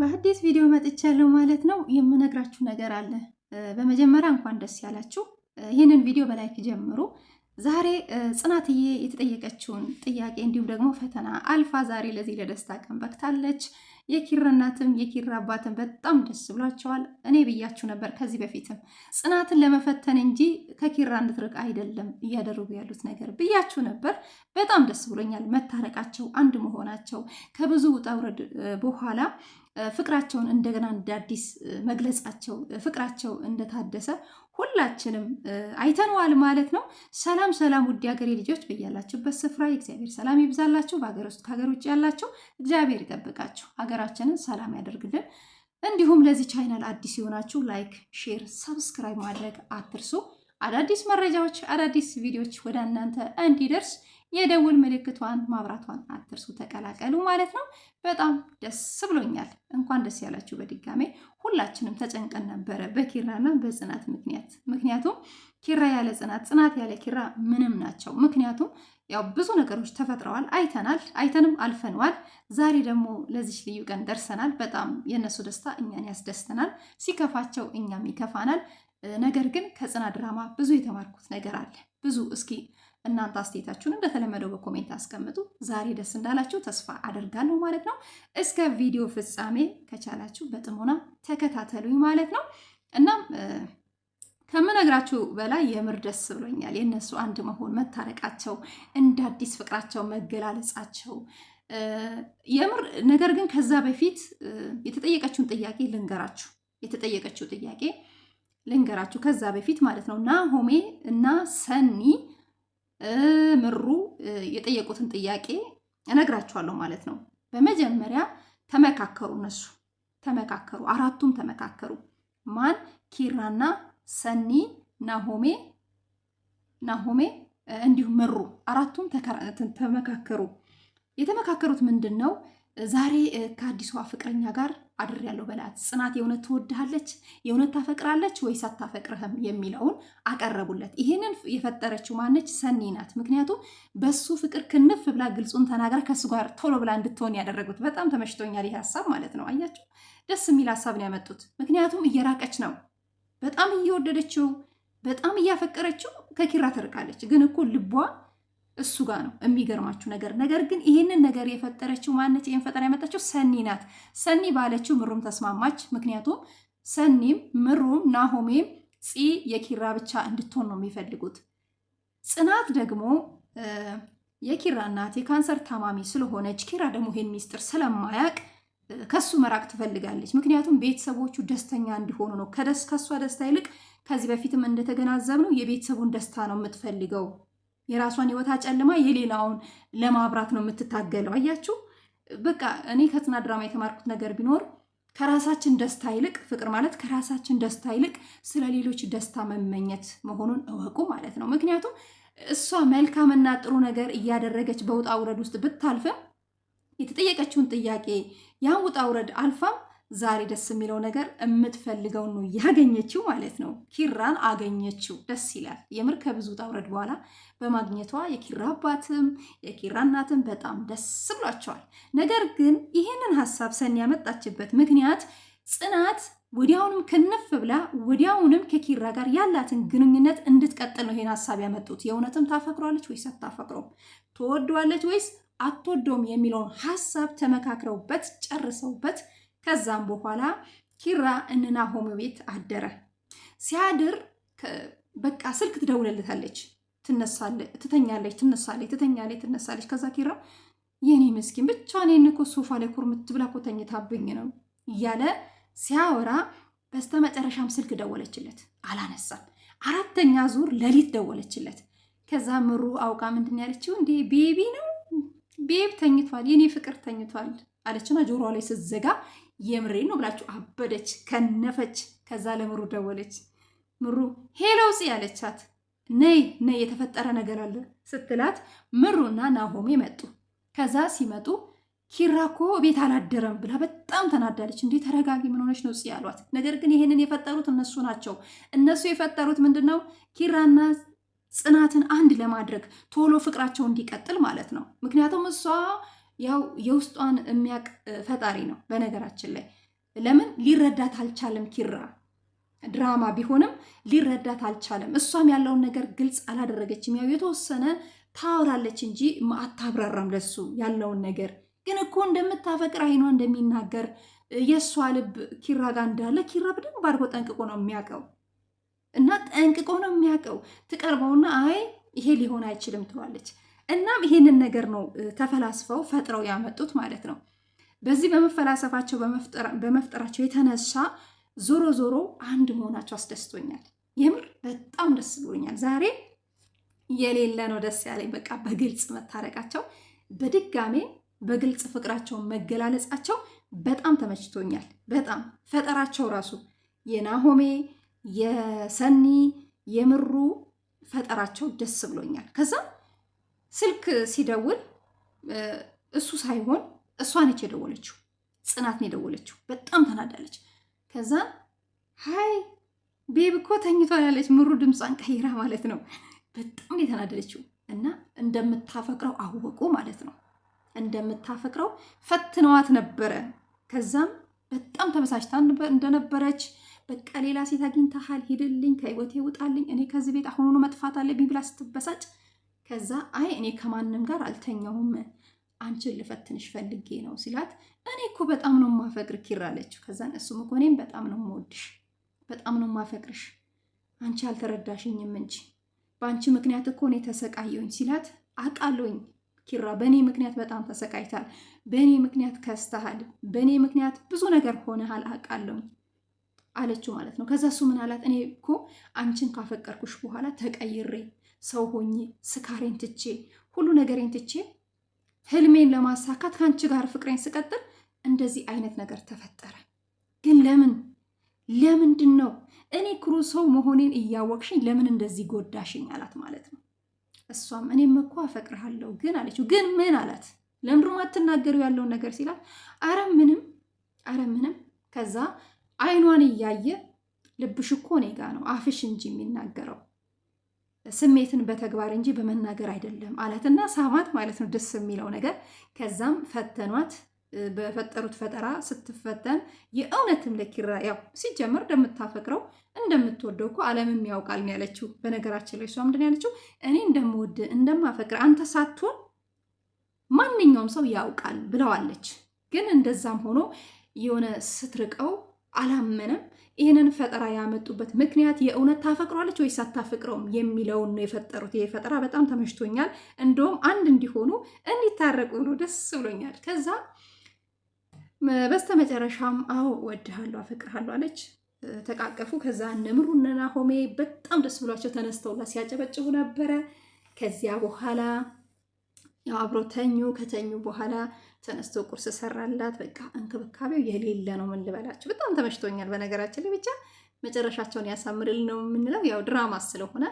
በአዲስ ቪዲዮ መጥቻለሁ ማለት ነው። የምነግራችሁ ነገር አለ። በመጀመሪያ እንኳን ደስ ያላችሁ። ይህንን ቪዲዮ በላይክ ጀምሩ። ዛሬ ጽናትዬ የተጠየቀችውን ጥያቄ እንዲሁም ደግሞ ፈተና አልፋ ዛሬ ለዚህ ለደስታ ቀን በቅታለች። የኪራ እናትም የኪራ አባትም በጣም ደስ ብሏቸዋል። እኔ ብያችሁ ነበር ከዚህ በፊትም ጽናትን ለመፈተን እንጂ ከኪራ እንድትርቅ አይደለም እያደረጉ ያሉት ነገር ብያችሁ ነበር። በጣም ደስ ብሎኛል መታረቃቸው፣ አንድ መሆናቸው ከብዙ ውጣ ውረድ በኋላ ፍቅራቸውን እንደገና እንደ አዲስ መግለጻቸው ፍቅራቸው እንደታደሰ ሁላችንም አይተነዋል ማለት ነው። ሰላም ሰላም፣ ውድ ሀገሬ ልጆች በያላችሁበት ስፍራ የእግዚአብሔር ሰላም ይብዛላችሁ። በሀገር ውስጥ ከሀገር ውጭ ያላችሁ እግዚአብሔር ይጠብቃችሁ፣ ሀገራችንን ሰላም ያደርግልን። እንዲሁም ለዚህ ቻይናል አዲስ የሆናችሁ ላይክ፣ ሼር፣ ሰብስክራይብ ማድረግ አትርሱ። አዳዲስ መረጃዎች፣ አዳዲስ ቪዲዮዎች ወደ እናንተ እንዲደርስ የደውል ምልክቷን ማብራቷን አትርሱ። ተቀላቀሉ ማለት ነው። በጣም ደስ ብሎኛል። እንኳን ደስ ያላችሁ በድጋሜ። ሁላችንም ተጨንቀን ነበረ በኪራና በጽናት ምክንያት። ምክንያቱም ኪራ ያለ ጽናት፣ ጽናት ያለ ኪራ ምንም ናቸው። ምክንያቱም ያው ብዙ ነገሮች ተፈጥረዋል፣ አይተናል፣ አይተንም አልፈነዋል። ዛሬ ደግሞ ለዚች ልዩ ቀን ደርሰናል። በጣም የእነሱ ደስታ እኛን ያስደስተናል፣ ሲከፋቸው እኛም ይከፋናል። ነገር ግን ከጽናት ድራማ ብዙ የተማርኩት ነገር አለ ብዙ እስኪ እናንተ አስተያየታችሁን እንደተለመደው በኮሜንት አስቀምጡ። ዛሬ ደስ እንዳላችሁ ተስፋ አደርጋለሁ ማለት ነው። እስከ ቪዲዮ ፍጻሜ ከቻላችሁ በጥሞና ተከታተሉኝ ማለት ነው። እናም ከምነግራችሁ በላይ የምር ደስ ብሎኛል። የእነሱ አንድ መሆን፣ መታረቃቸው፣ እንደ አዲስ ፍቅራቸው መገላለጻቸው የምር ነገር ግን ከዛ በፊት የተጠየቀችውን ጥያቄ ልንገራችሁ የተጠየቀችው ጥያቄ ልንገራችሁ ከዛ በፊት ማለት ነው ናሆሜ እና ሰኒ ምሩ የጠየቁትን ጥያቄ እነግራችኋለሁ ማለት ነው። በመጀመሪያ ተመካከሩ፣ እነሱ ተመካከሩ፣ አራቱም ተመካከሩ። ማን? ኪራና ሰኒ፣ ናሆሜ ናሆሜ እንዲሁም ምሩ አራቱም ተመካከሩ። የተመካከሩት ምንድን ነው? ዛሬ ከአዲሷ ፍቅረኛ ጋር ያለው በላት። ጽናት የእውነት ትወድሃለች፣ የእውነት ታፈቅራለች ወይስ አታፈቅርህም የሚለውን አቀረቡለት። ይህንን የፈጠረችው ማነች? ሰኒ ናት። ምክንያቱም በሱ ፍቅር ክንፍ ብላ ግልጹን ተናግራ ከሱ ጋር ቶሎ ብላ እንድትሆን ያደረጉት በጣም ተመችቶኛል። ይህ ሀሳብ ማለት ነው። አያቸው፣ ደስ የሚል ሀሳብ ነው ያመጡት። ምክንያቱም እየራቀች ነው፣ በጣም እየወደደችው፣ በጣም እያፈቀረችው፣ ከኪራ ትርቃለች። ግን እኮ ልቧ እሱ ጋር ነው የሚገርማችሁ ነገር። ነገር ግን ይህንን ነገር የፈጠረችው ማነች? ይህን ፈጠራ ያመጣችው ሰኒ ናት። ሰኒ ባለችው ምሩም ተስማማች። ምክንያቱም ሰኒም ምሩም ናሆሜም ፂ የኪራ ብቻ እንድትሆን ነው የሚፈልጉት። ጽናት ደግሞ የኪራ እናት የካንሰር ታማሚ ስለሆነች ኪራ ደግሞ ይሄን ሚስጥር ስለማያቅ ከሱ መራቅ ትፈልጋለች። ምክንያቱም ቤተሰቦቹ ደስተኛ እንዲሆኑ ነው። ከደስ ከሷ ደስታ ይልቅ ከዚህ በፊትም ነው የቤተሰቡን ደስታ ነው የምትፈልገው የራሷን ህይወት አጨልማ የሌላውን ለማብራት ነው የምትታገለው። አያችሁ በቃ እኔ ከጽናት ድራማ የተማርኩት ነገር ቢኖር ከራሳችን ደስታ ይልቅ ፍቅር ማለት ከራሳችን ደስታ ይልቅ ስለ ሌሎች ደስታ መመኘት መሆኑን እወቁ ማለት ነው። ምክንያቱም እሷ መልካምና ጥሩ ነገር እያደረገች በውጣ ውረድ ውስጥ ብታልፍም የተጠየቀችውን ጥያቄ ያን ውጣ ውረድ አልፋም ዛሬ ደስ የሚለው ነገር የምትፈልገውን ነው ያገኘችው ማለት ነው። ኪራን አገኘችው። ደስ ይላል የምር ከብዙ ጣውረድ በኋላ በማግኘቷ የኪራ አባትም የኪራ እናትም በጣም ደስ ብሏቸዋል። ነገር ግን ይህንን ሀሳብ ሰኒ ያመጣችበት ምክንያት ጽናት ወዲያውንም ክንፍ ብላ ወዲያውንም ከኪራ ጋር ያላትን ግንኙነት እንድትቀጥል ነው ይህን ሀሳብ ያመጡት። የእውነትም ታፈቅሯለች ወይስ አታፈቅረውም፣ ትወደዋለች ወይስ አትወደውም የሚለውን ሀሳብ ተመካክረውበት ጨርሰውበት ከዛም በኋላ ኪራ እነናሆም ቤት አደረ። ሲያድር በቃ ስልክ ትደውለለታለች፣ ትተኛለች፣ ትነሳለች፣ ትተኛለች፣ ትነሳለች። ከዛ ኪራ የኔ መስኪን ብቻ እኔን እኮ ሶፋ ላይ ኩርምት ብላ እኮ ተኝታብኝ ነው እያለ ሲያወራ በስተመጨረሻም ስልክ ደወለችለት፣ አላነሳም። አራተኛ ዙር ሌሊት ደወለችለት። ከዛ ምሩ አውቃ ምንድን ያለችው እንዴ ቤቢ ነው ቤብ ተኝቷል፣ የኔ ፍቅር ተኝቷል አለችና ጆሮዋ ላይ ስትዘጋ የምሬ ነው ብላችሁ አበደች፣ ከነፈች። ከዛ ለምሩ ደወለች። ምሩ ሄሎ ጽ ያለቻት ነይ ነይ የተፈጠረ ነገር አለ ስትላት ምሩና ናሆሜ መጡ። ከዛ ሲመጡ ኪራ እኮ ቤት አላደረም ብላ በጣም ተናዳለች። እንዴ ተረጋጊ፣ ምን ሆነች ነው ጽ ያሏት። ነገር ግን ይሄንን የፈጠሩት እነሱ ናቸው። እነሱ የፈጠሩት ምንድን ነው ኪራና ጽናትን አንድ ለማድረግ ቶሎ ፍቅራቸው እንዲቀጥል ማለት ነው። ምክንያቱም እሷ ያው የውስጧን የሚያውቅ ፈጣሪ ነው። በነገራችን ላይ ለምን ሊረዳት አልቻለም? ኪራ ድራማ ቢሆንም ሊረዳት አልቻለም። እሷም ያለውን ነገር ግልጽ አላደረገችም። ያው የተወሰነ ታወራለች እንጂ አታብራራም። ለሱ ያለውን ነገር ግን እኮ እንደምታፈቅር አይኗ እንደሚናገር የእሷ ልብ ኪራ ጋር እንዳለ ኪራ በደንብ አድርጎ ጠንቅቆ ነው የሚያውቀው እና ጠንቅቆ ነው የሚያውቀው። ትቀርበውና አይ ይሄ ሊሆን አይችልም ትሏለች። እናም ይሄንን ነገር ነው ተፈላስፈው ፈጥረው ያመጡት ማለት ነው። በዚህ በመፈላሰፋቸው በመፍጠራቸው የተነሳ ዞሮ ዞሮ አንድ መሆናቸው አስደስቶኛል። የምር በጣም ደስ ብሎኛል። ዛሬ የሌለ ነው ደስ ያለኝ። በቃ በግልጽ መታረቃቸው፣ በድጋሜ በግልጽ ፍቅራቸውን መገላለጻቸው በጣም ተመችቶኛል። በጣም ፈጠራቸው ራሱ የናሆሜ የሰኒ የምሩ ፈጠራቸው ደስ ብሎኛል። ከዛም ስልክ ሲደውል እሱ ሳይሆን እሷ ነች የደወለችው። ጽናት ነው የደወለችው። በጣም ተናዳለች። ከዛ ሀይ ቤብ እኮ ተኝቷል ያለች ምሩ ድምጿን ቀይራ ማለት ነው። በጣም የተናደደችው። እና እንደምታፈቅረው አወቁ ማለት ነው። እንደምታፈቅረው ፈትነዋት ነበረ። ከዛም በጣም ተበሳጭታ እንደነበረች በቃ ሌላ ሴት አግኝተሃል፣ ሂድልኝ፣ ከህይወቴ ውጣልኝ፣ እኔ ከዚህ ቤት አሁኑኑ መጥፋት አለብኝ ብላ ስትበሳጭ ከዛ አይ እኔ ከማንም ጋር አልተኛውም አንቺን ልፈትንሽ ፈልጌ ነው ሲላት፣ እኔ እኮ በጣም ነው ማፈቅር ኪራ አለችው። ከዛን እሱም እኮ እኔም በጣም ነው የምወድሽ፣ በጣም ነው ማፈቅርሽ፣ አንቺ አልተረዳሽኝም እንጂ በአንቺ ምክንያት እኮ እኔ ተሰቃየሁኝ ሲላት፣ አቃሎኝ ኪራ በእኔ ምክንያት በጣም ተሰቃይታል፣ በእኔ ምክንያት ከስተሃል፣ በእኔ ምክንያት ብዙ ነገር ሆነሃል፣ አቃለኝ አለችው ማለት ነው። ከዛ እሱ ምን አላት፣ እኔ እኮ አንቺን ካፈቀርኩሽ በኋላ ተቀይሬ ሰው ሆኜ ስካሬን ትቼ ሁሉ ነገሬን ትቼ ህልሜን ለማሳካት ከአንቺ ጋር ፍቅሬን ስቀጥል እንደዚህ አይነት ነገር ተፈጠረ። ግን ለምን ለምንድን ነው እኔ ክሩ ሰው መሆኔን እያወቅሽኝ ለምን እንደዚህ ጎዳሽኝ? አላት ማለት ነው። እሷም እኔም እኮ አፈቅርሃለሁ ግን አለችው። ግን ምን አላት? ለምንድን ነው ያለውን ነገር ሲላት፣ አረ ምንም፣ አረ ምንም። ከዛ አይኗን እያየ ልብሽ እኮ እኔ ጋ ነው አፍሽ እንጂ የሚናገረው ስሜትን በተግባር እንጂ በመናገር አይደለም አላትና ሳማት ማለት ነው ደስ የሚለው ነገር። ከዛም ፈተኗት በፈጠሩት ፈጠራ ስትፈተን የእውነትም ለኪራ ያው ሲጀምር እንደምታፈቅረው እንደምትወደው እኮ ዓለምም ያውቃል ነው ያለችው። በነገራችን ላይ እሷ ምንድን ያለችው እኔ እንደምወድ እንደማፈቅር አንተ ሳትሆን ማንኛውም ሰው ያውቃል ብለዋለች። ግን እንደዛም ሆኖ የሆነ ስትርቀው አላመነም። ይህንን ፈጠራ ያመጡበት ምክንያት የእውነት ታፈቅሯለች ወይ አታፈቅረውም የሚለውን ነው የፈጠሩት። ይሄ ፈጠራ በጣም ተመችቶኛል። እንደውም አንድ እንዲሆኑ እንዲታረቁ ነው፣ ደስ ብሎኛል። ከዛ በስተመጨረሻም አዎ እወድሃለሁ፣ አፈቅርሃለሁ አለች። ተቃቀፉ። ከዛ ነምሩ ሆሜ በጣም ደስ ብሏቸው ተነስተውላ ሲያጨበጭቡ ነበረ። ከዚያ በኋላ ያው አብሮ ተኙ። ከተኙ በኋላ ተነስቶ ቁርስ ሰራላት። በቃ እንክብካቤው የሌለ ነው። ምን ልበላችሁ፣ በጣም ተመችቶኛል። በነገራችን ላይ ብቻ መጨረሻቸውን ያሳምርል ነው የምንለው። ያው ድራማ ስለሆነ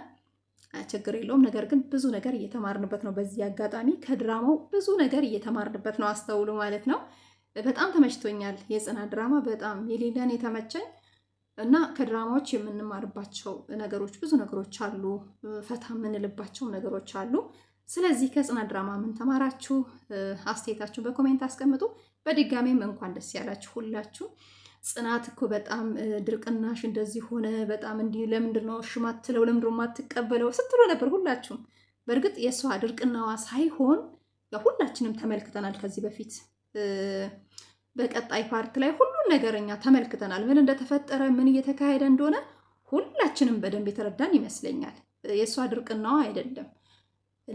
ችግር የለውም። ነገር ግን ብዙ ነገር እየተማርንበት ነው። በዚህ አጋጣሚ ከድራማው ብዙ ነገር እየተማርንበት ነው። አስተውሉ ማለት ነው። በጣም ተመችቶኛል የጽናት ድራማ በጣም የሌለን የተመቸኝ እና ከድራማዎች የምንማርባቸው ነገሮች ብዙ ነገሮች አሉ። ፈታ የምንልባቸው ነገሮች አሉ። ስለዚህ ከጽናት ድራማ ምን ተማራችሁ? አስተያየታችሁን በኮሜንት አስቀምጡ። በድጋሜም እንኳን ደስ ያላችሁ ሁላችሁ። ጽናት እኮ በጣም ድርቅናሽ እንደዚህ ሆነ፣ በጣም እንዲህ ለምንድን ነው እሺ ማትለው ለምንድን ነው ማትቀበለው ስትሉ ነበር ሁላችሁም። በእርግጥ የእሷ ድርቅናዋ ሳይሆን ሁላችንም ተመልክተናል ከዚህ በፊት በቀጣይ ፓርት ላይ ሁሉን ነገርኛ ተመልክተናል። ምን እንደተፈጠረ ምን እየተካሄደ እንደሆነ ሁላችንም በደንብ የተረዳን ይመስለኛል። የእሷ ድርቅናዋ አይደለም።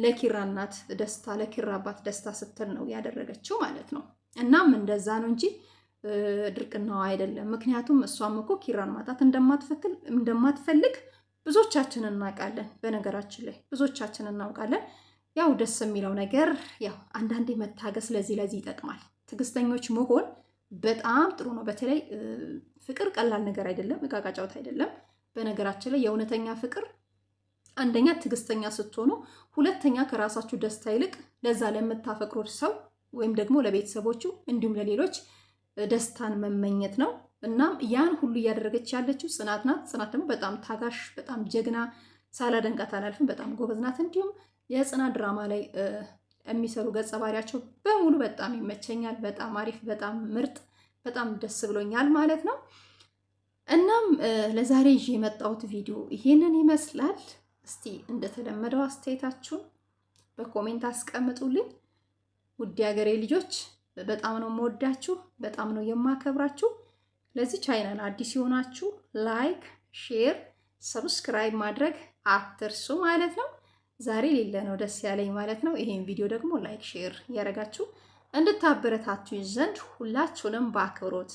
ለኪራ እናት ደስታ ለኪራ አባት ደስታ ስትል ነው ያደረገችው ማለት ነው። እናም እንደዛ ነው እንጂ ድርቅናዋ አይደለም። ምክንያቱም እሷም እኮ ኪራን ማጣት እንደማትፈልግ ብዙዎቻችን እናውቃለን። በነገራችን ላይ ብዙዎቻችን እናውቃለን። ያው ደስ የሚለው ነገር ያው አንዳንዴ መታገስ ለዚህ ለዚህ ይጠቅማል። ትዕግስተኞች መሆን በጣም ጥሩ ነው። በተለይ ፍቅር ቀላል ነገር አይደለም፣ እቃቃ አይደለም። በነገራችን ላይ የእውነተኛ ፍቅር አንደኛ ትዕግስተኛ ስትሆኑ፣ ሁለተኛ ከራሳችሁ ደስታ ይልቅ ለዛ ለምታፈቅሩት ሰው ወይም ደግሞ ለቤተሰቦቹ እንዲሁም ለሌሎች ደስታን መመኘት ነው። እናም ያን ሁሉ እያደረገች ያለችው ጽናት ናት። ጽናት ደግሞ በጣም ታጋሽ፣ በጣም ጀግና፣ ሳላደንቃት አላልፍም። በጣም ጎበዝ ናት። እንዲሁም የጽናት ድራማ ላይ የሚሰሩ ገጸ ባህሪያቸው በሙሉ በጣም ይመቸኛል። በጣም አሪፍ፣ በጣም ምርጥ፣ በጣም ደስ ብሎኛል ማለት ነው። እናም ለዛሬ ይዤ የመጣሁት ቪዲዮ ይሄንን ይመስላል። እስቲ እንደተለመደው አስተያየታችሁን በኮሜንት አስቀምጡልኝ። ውድ ሀገሬ ልጆች በጣም ነው የምወዳችሁ፣ በጣም ነው የማከብራችሁ። ለዚህ ቻይናል አዲስ የሆናችሁ ላይክ፣ ሼር፣ ሰብስክራይብ ማድረግ አትርሱ ማለት ነው። ዛሬ ሌለ ነው ደስ ያለኝ ማለት ነው። ይሄን ቪዲዮ ደግሞ ላይክ፣ ሼር እያደረጋችሁ እንድታበረታችሁ ዘንድ ሁላችሁንም በአክብሮት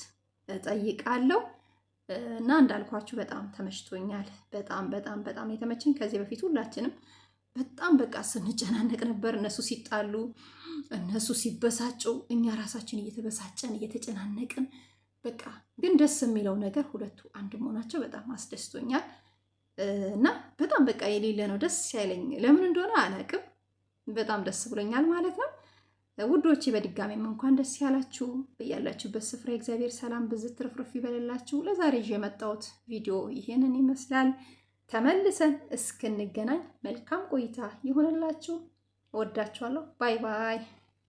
እጠይቃለሁ። እና እንዳልኳችሁ በጣም ተመችቶኛል። በጣም በጣም በጣም የተመቸኝ። ከዚህ በፊት ሁላችንም በጣም በቃ ስንጨናነቅ ነበር። እነሱ ሲጣሉ፣ እነሱ ሲበሳጩ፣ እኛ ራሳችን እየተበሳጨን እየተጨናነቅን በቃ ግን ደስ የሚለው ነገር ሁለቱ አንድ መሆናቸው በጣም አስደስቶኛል። እና በጣም በቃ የሌለ ነው ደስ ያለኝ። ለምን እንደሆነ አላውቅም። በጣም ደስ ብሎኛል ማለት ነው። ውዶቼ በድጋሚም እንኳን ደስ ያላችሁ። በያላችሁበት ስፍራ የእግዚአብሔር ሰላም ብዝት ትርፍርፍ ይበልላችሁ። ለዛሬ ይዤ የመጣሁት ቪዲዮ ይሄንን ይመስላል። ተመልሰን እስክንገናኝ መልካም ቆይታ ይሁንላችሁ። እወዳችኋለሁ። ባይ ባይ